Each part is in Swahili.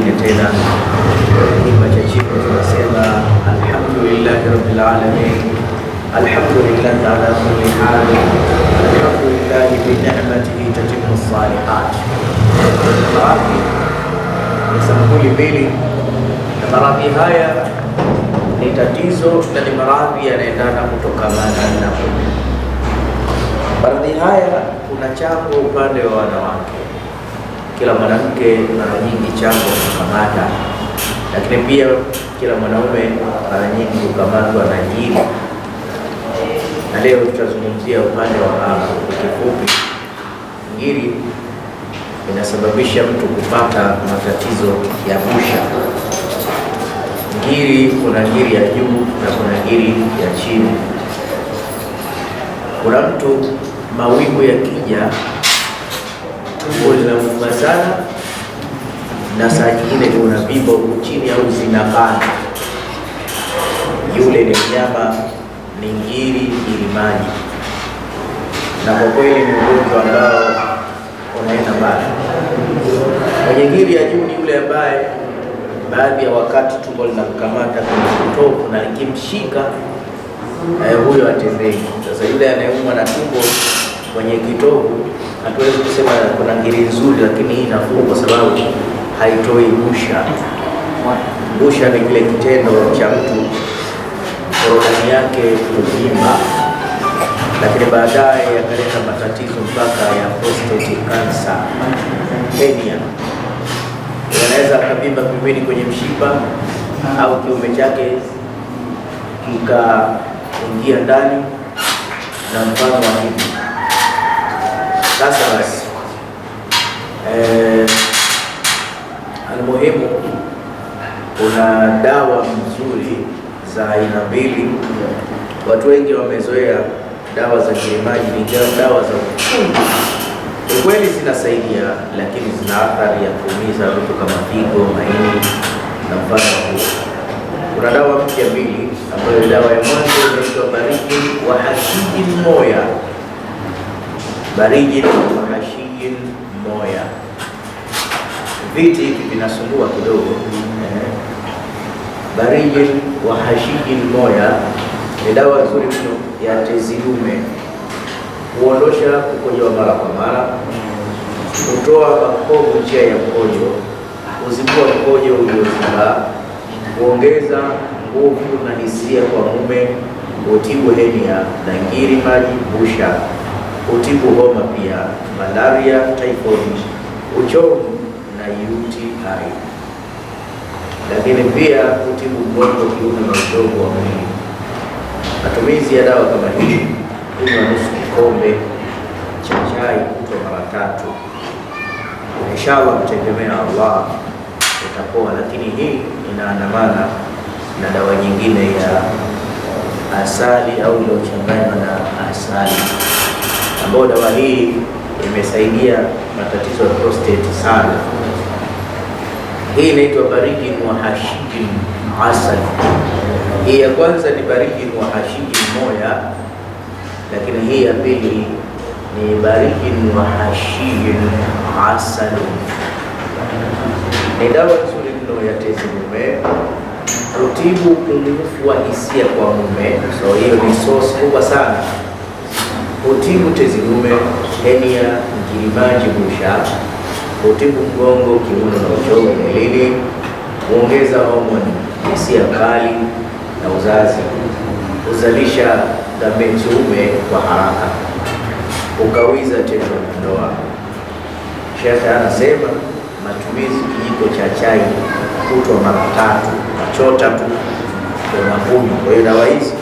nyingine tena. Kilima cha chini tunasema alhamdulillahi rabbil alamin, alhamdulillahi ala kulli hal, alhamdulillahi bi ni'matihi tatimmu salihat. Maradhi ni sampuli mbili, na maradhi haya ni tatizo na ni maradhi yanaendana kutokamana na maradhi haya, kuna chango upande wa wanawake kila mwanamke mara nyingi chango kukamata, lakini pia kila mwanaume mara nyingi kukamatwa na jini, na leo tutazungumzia upande wa baba. Kifupi, ngiri inasababisha mtu kupata matatizo ya busha. Ngiri, kuna ngiri ya juu na kuna ngiri ya chini. Kuna mtu mawingu yakija tumbo linauma sana, na saa nyingine ni unavimba chini au zinabana, yule ni mnyama ni ngiri na kwa kweli ni ugonjwa ambao unaenda mbali. Mwenye ngiri ya juu ni yule ambaye baadhi ya wakati tumbo linamkamata kwenye utovu na likimshika eh, huyo atembei. Sasa yule anayeumwa na tumbo kwenye kitovu, hatuwezi kusema kuna ngiri nzuri, lakini hii nafuu kwa sababu haitoi busha. Busha ni kile kitendo cha mtu korodani yake kuvimba, lakini baadaye yakaleta matatizo mpaka ya prostate cancer, penia. Anaweza akavimba pembeni kwenye mshipa au kiume chake kikaingia ndani na mfano wa hivi sasa basi eh, almuhimu kuna dawa nzuri za aina mbili. Watu wengi wamezoea dawa za kienyeji ni dawa za ukungu. ukweli zinasaidia, lakini zina athari ya kuumiza vitu kama figo, maini na mfano huo. Kuna dawa mpya mbili ambayo dawa ya mwanzo inaitwa bariki wa hakiki moya barijin rashiin moya. Viti hivi vinasumbua kidogo eh. Barijin wa moya ni dawa nzuri mno ya tezi dume, kuondosha ukojo wa mara kwa mara, kutoa makovu njia ya mkojo, kuzibua mkojo uliozibaa, kuongeza nguvu na hisia kwa mume, kutibu henia na ngiri maji busha hutibu homa pia, malaria, typhoid, uchovu na UTI, lakini pia hutibu mgongo kiuno na uchovu wa mwili. Matumizi ya dawa kama hii: kunywa nusu kikombe cha chai kutwa mara tatu. Inshallah, kutegemea Allah utapoa, lakini hii inaandamana na dawa nyingine ya asali au iliyochanganywa na asali ambayo dawa hii imesaidia matatizo ya prostate sana. Hii inaitwa barikin wa hashijin asali. Hii ya kwanza ni barikin wa hashijin moya, lakini hii ya pili ni barijin wa hashijin asali. Ni dawa nzuri mno ya tezi mume kutibu upungufu wa hisia kwa mume. So hiyo ni source kubwa sana hutibu tezi dume, henia, ngirimaji busha, hutibu mgongo, kiuno na uchovu mwilini, huongeza homoni hisia kali na uzazi, huzalisha dhabiti kwa haraka, ukawiza tendo la ndoa. Shekhe anasema matumizi kijiko cha chai kutwa mara tatu, nachota tu unakunywa. Kwa hiyo dawa hizi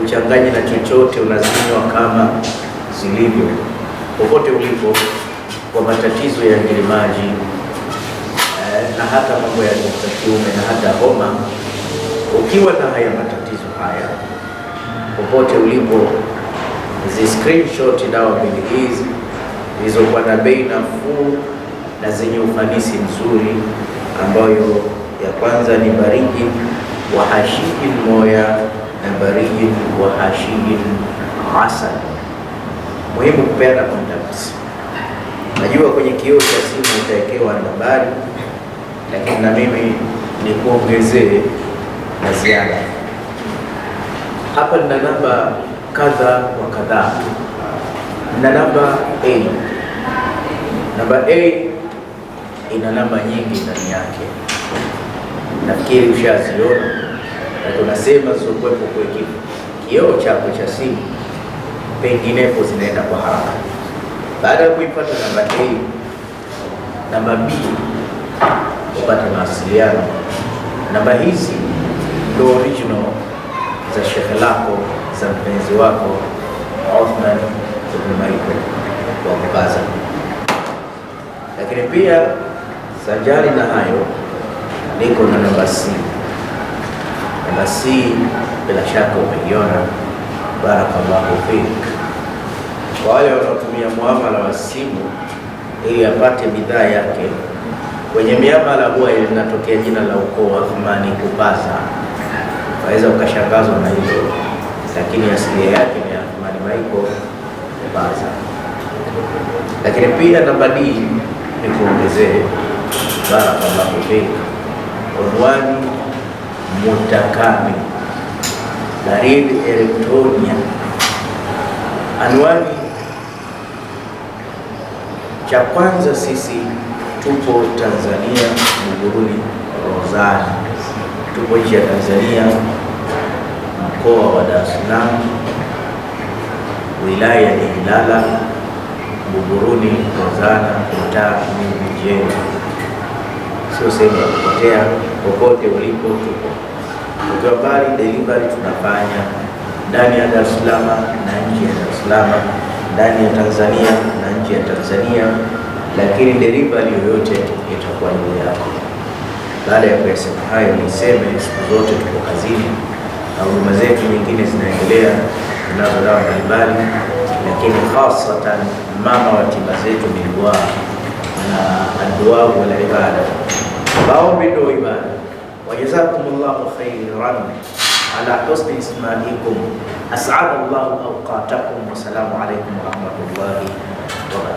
uchanganyi na chochote unazinywa kama zilivyo. Popote ulipo kwa matatizo ya ngirimaji eh, na hata mambo ya za kiume na hata homa, ukiwa na haya matatizo haya, popote ulipo, zi screenshot dawa mbili hizi zilizokuwa na bei nafuu na zenye ufanisi mzuri, ambayo ya kwanza ni Bariki wa hashiki moya na barijin wa hashiin asal. Muhimu kupeana contacts. Najua kwenye kioo cha simu utawekewa nambari, lakini na mimi nikuongezee na ziada hapa. Nina namba kadha wa kadhaa. Nina namba A. Namba A ina namba nyingi ndani yake, nafikiri ushaziona na tunasema zilikuwepo kwa kifo, kioo chako cha simu penginepo zinaenda kwa haraka. Baada ya kuipata namba A, namba B upate mawasiliano. Namba hizi ndo original za shehe lako za mpenzi wako Othman ibn Maiko wa Kubaza. Lakini pia sanjari na hayo, niko na namba simu nasi bila shaka umeiona. Barakallahu fik. Kwa wale wanaotumia muamala wa simu ili apate bidhaa yake kwenye miamala huwa linatokea jina la ukoo Uthmani Kupaza. Waweza ukashangazwa na hilo, lakini asilia yake ni Uthmani Maiko Kupaza. Lakini pia namba D ni kuongezee, barakallahu fik, unwani mutakami baridi elektronia. Anwani cha kwanza, sisi tupo Tanzania Muguruni Rozani, tupo nchi ya Tanzania, mkoa wa Dar es Salaam, wilaya ya Ilala, Muguruni Rozana, mtaa Mwingi Jengo, sio sehemu ya kupotea. Popote ulipo tupo bali delivery tunafanya ndani ya Dar es Salaam na nje ya Dar es Salaam, ndani ya Tanzania na nje ya Tanzania, lakini delivery yoyote itakuwa juu yako. Baada ya kuyasema hayo, niseme siku zote tuko kazini na huduma zetu nyingine zinaendelea, tunazo dawa mbalimbali, lakini hasatan mama wa tiba zetu ni na adua wala ibada, maombi ndio ibada وجزاكم الله خيرا على حسن إسماعيلكم أسعد الله أوقاتكم والسلام عليكم ورحمة الله وبركاته